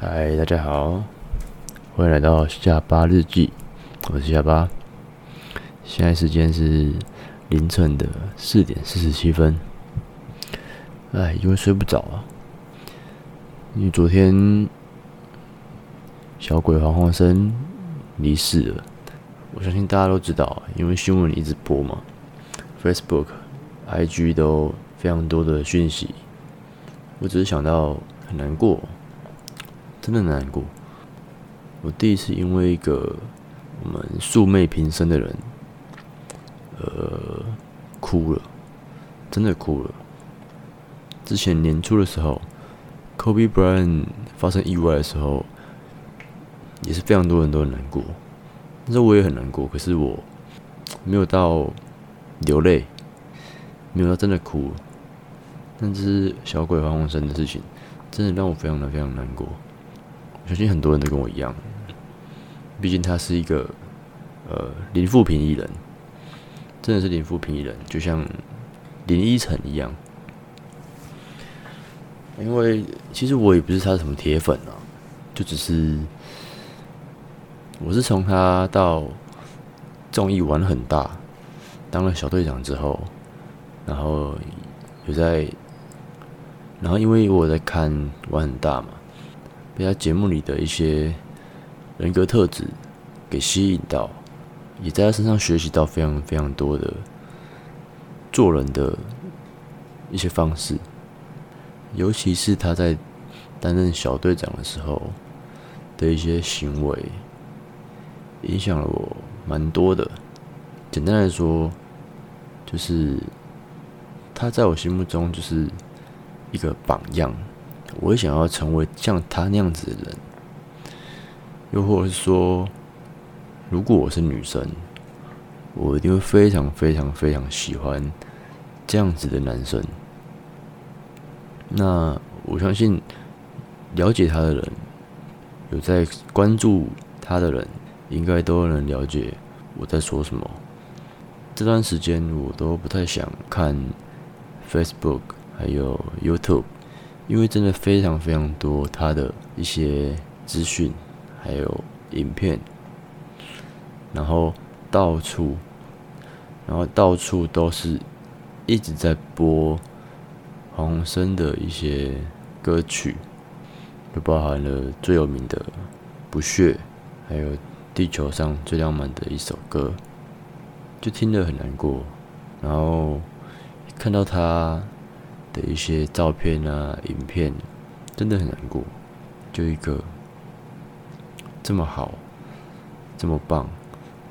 嗨，Hi, 大家好，歡迎來到下巴日記，我是下巴。現在時間是凌晨的四點四十七分。哎，因為睡不着啊，因為昨天小鬼黃鴻升離世了，我相信大家都知道，因為新聞一直播嘛，Facebook、IG 都非常多的訊息。我只是想到很難過。真的難過，我第一次因為一個我們素昧平生的人，呃，哭了，真的哭了。之前年初的時候，Kobe Bryant 發生意外的時候，也是非常多人都很難過，但是我也很難過，可是我沒有到流淚，沒有到真的哭。但這是小鬼黃鴻升的事情，真的讓我非常的非常的難過。相信很多人都跟我一樣，畢竟他是一個呃零負評藝人，真的是零負評藝人，就像林依晨一樣。因為其實我也不是他的什麼鐵粉啊，就只是我是從他到綜藝玩很大，當了小隊長之後，然後有在，然後因為我在看玩很大嘛。被他節目裡的一些人格特質給吸引到，也在他身上學習到非常非常多的做人的一些方式，尤其是他在擔任小隊長的時候的一些行為，影響了我蠻多的。簡單來說，就是他在我心目中就是一個榜樣。我也想要成為像他那樣子的人，又或者是說，如果我是女生，我一定會非常非常非常喜歡這樣子的男生。那我相信，了解他的人，有在關注他的人，應該都能了解我在說什麼。這段時間我都不太想看 Facebook，還有 YouTube。因為真的非常非常多，他的一些資訊，還有影片，然後到處，然後到處都是一直在播黃鴻升的一些歌曲，就包含了最有名的《不屑》，還有《地球上最浪漫的一首歌》，就聽着很難過，然後看到他的一些照片啊、影片，真的很難過。就一個這麼好、這麼棒、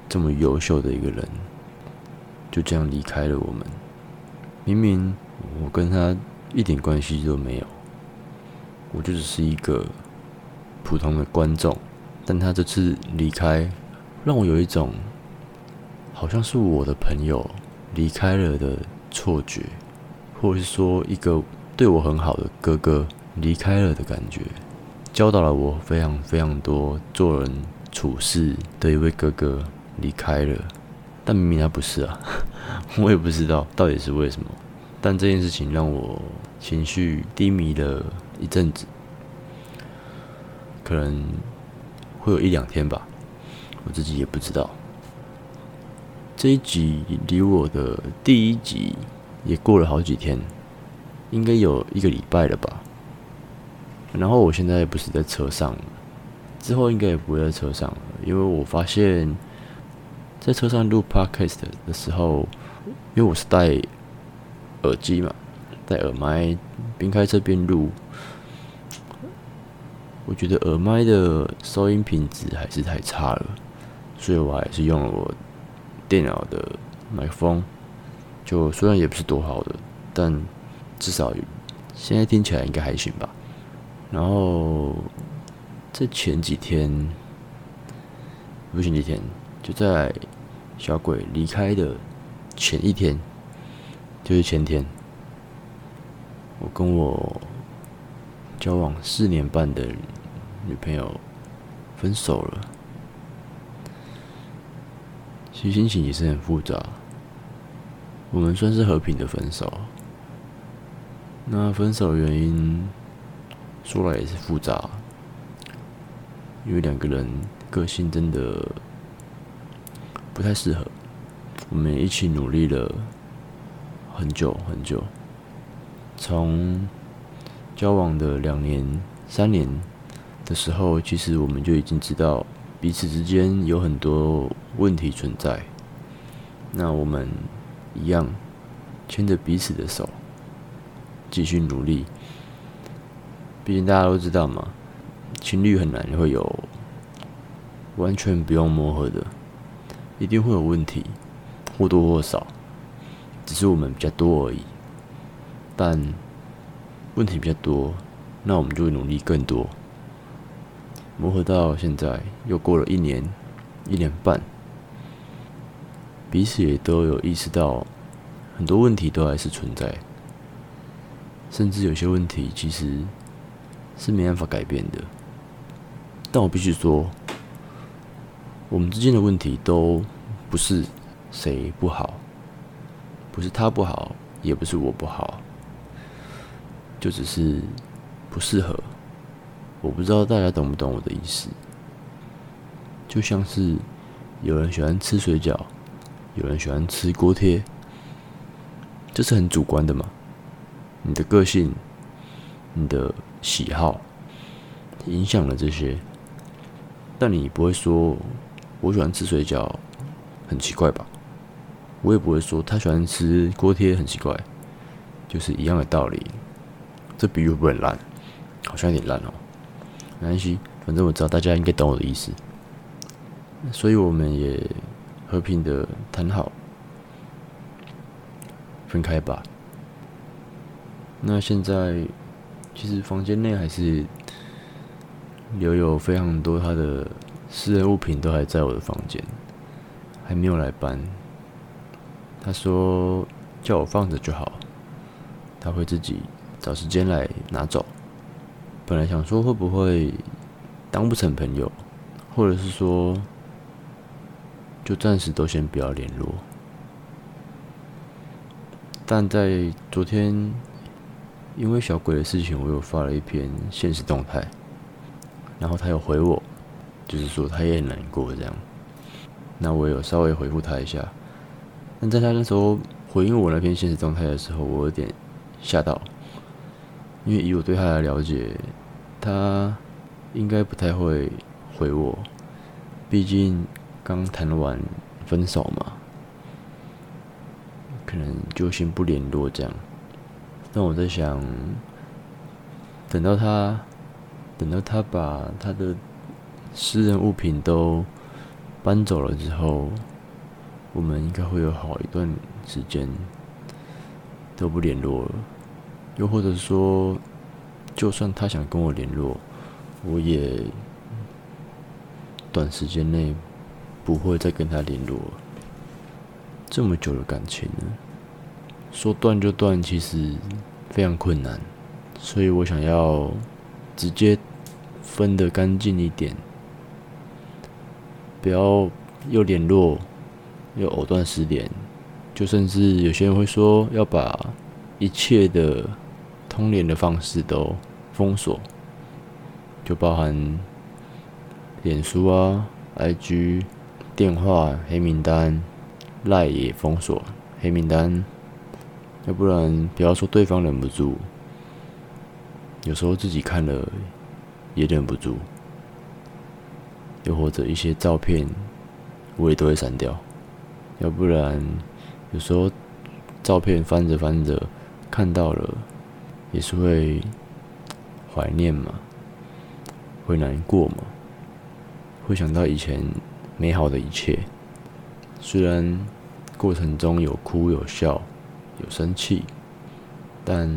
這麼優秀的一個人，就這樣離開了我們。明明我跟他一點關係都沒有，我就只是一個普通的觀眾。但他這次離開，讓我有一種好像是我的朋友離開了的錯覺。或者是說，一個對我很好的哥哥離開了的感覺，教導了我非常非常多做人處事的一位哥哥離開了，但明明他不是啊，我也不知道到底是為什麼。但這件事情讓我情緒低迷了一陣子，可能會有一兩天吧，我自己也不知道。這一集離我的第一集。也過了好幾天，應該有一個禮拜了吧。然後我現在不是在車上，之後應該也不會在車上了，因為我發現，在車上錄 Podcast 的時候，因為我是戴耳機嘛，戴耳麥邊開車邊錄，我覺得耳麥的收音品質還是太差了，所以我還是用了我電腦的麥克風。就雖然也不是多好的，但至少現在聽起來應該還行吧。然後在前幾天，不是前幾天，就在小鬼離開的前一天，就是前天，我跟我交往四年半的女朋友分手了。其實心情也是很複雜。我們算是和平的分手。那分手原因說來也是複雜，因為兩個人個性真的不太適合，我們一起努力了很久很久，從交往的兩年、三年的時候，其實我們就已經知道彼此之間有很多問題存在。那我們，一樣，牽着彼此的手，繼續努力。畢竟大家都知道嘛，情侶很難會有完全不用磨合的，一定會有問題，或多或少，只是我們比較多而已。但問題比較多，那我們就會努力更多。磨合到現在，又過了一年，一年半。彼此也都有意識到，很多問題都還是存在，甚至有些問題其實是沒辦法改變的。但我必須說，我們之間的問題都不是誰不好，不是他不好，也不是我不好，就只是不適合。我不知道大家懂不懂我的意思，就像是有人喜歡吃水餃。有人喜歡吃鍋貼，這是很主觀的嘛？你的個性、你的喜好影響了這些，但你不會說我喜歡吃水餃很奇怪吧？我也不會說他喜歡吃鍋貼很奇怪，就是一樣的道理。這比喻會不會很爛？好像有點爛哦。沒關係，反正我知道大家應該懂我的意思，所以我們也。和平的談好，分開吧。那現在，其實房間內還是留有非常多他的私人物品，都還在我的房間，還沒有來搬。他說叫我放着就好，他會自己找時間來拿走。本來想說會不會當不成朋友，或者是說……就暫時都先不要聯絡，但在昨天，因為小鬼的事情，我又發了一篇限時動態，然後他有回我，就是說他也很難過這樣，那我有稍微回覆他一下，但在他那時候回應我那篇限時動態的時候，我有點嚇到，因為以我對他的了解，他應該不太會回我，畢竟。剛談完分手嘛，可能就先不聯絡這樣。但我在想，等到他等到他把他的私人物品都搬走了之後，我們應該會有好一段時間都不聯絡了。又或者說，就算他想跟我聯絡，我也短時間內不會再跟他聯絡，這麼久的感情，啊、說斷就斷，其實非常困難，所以我想要直接分得乾淨一點，不要又聯絡又藕斷絲連，就甚至有些人會說要把一切的通聯的方式都封鎖，就包含臉書啊、IG。電話黑名單、賴也封鎖黑名單，要不然不要說對方忍不住，有時候自己看了也忍不住，又或者一些照片我也都會刪掉，要不然有時候照片翻着翻着看到了也是會懷念嘛，會難過嘛，會想到以前。美好的一切，雖然過程中有哭有笑有生氣，但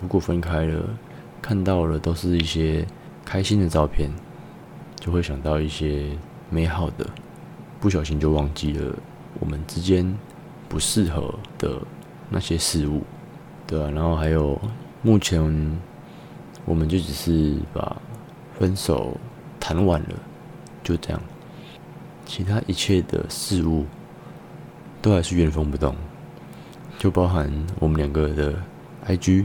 如果分開了，看到了都是一些開心的照片，就會想到一些美好的，不小心就忘記了我們之間不適合的那些事物，對啊，然後還有，目前我們就只是把分手談完了，就這樣。其他一切的事物都還是原封不動，就包含我們兩個的 IG，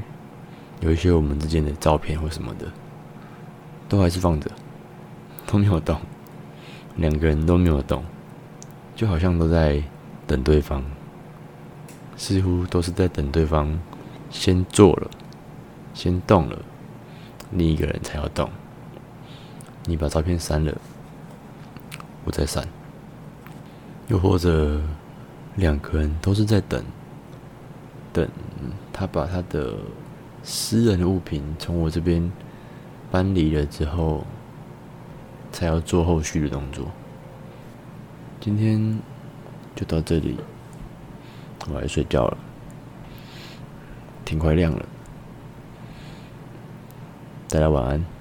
有一些我們之間的照片或什麼的，都還是放着，都沒有動，兩個人都沒有動，就好像都在等對方，似乎都是在等對方先做了，先動了，另一個人才要動。你把照片刪了。我在閃，又或者兩個人都是在等，等他把他的私人物品從我這邊搬離了之後，才要做後續的動作。今天就到這裡，我要睡覺了，天快亮了。大家晚安。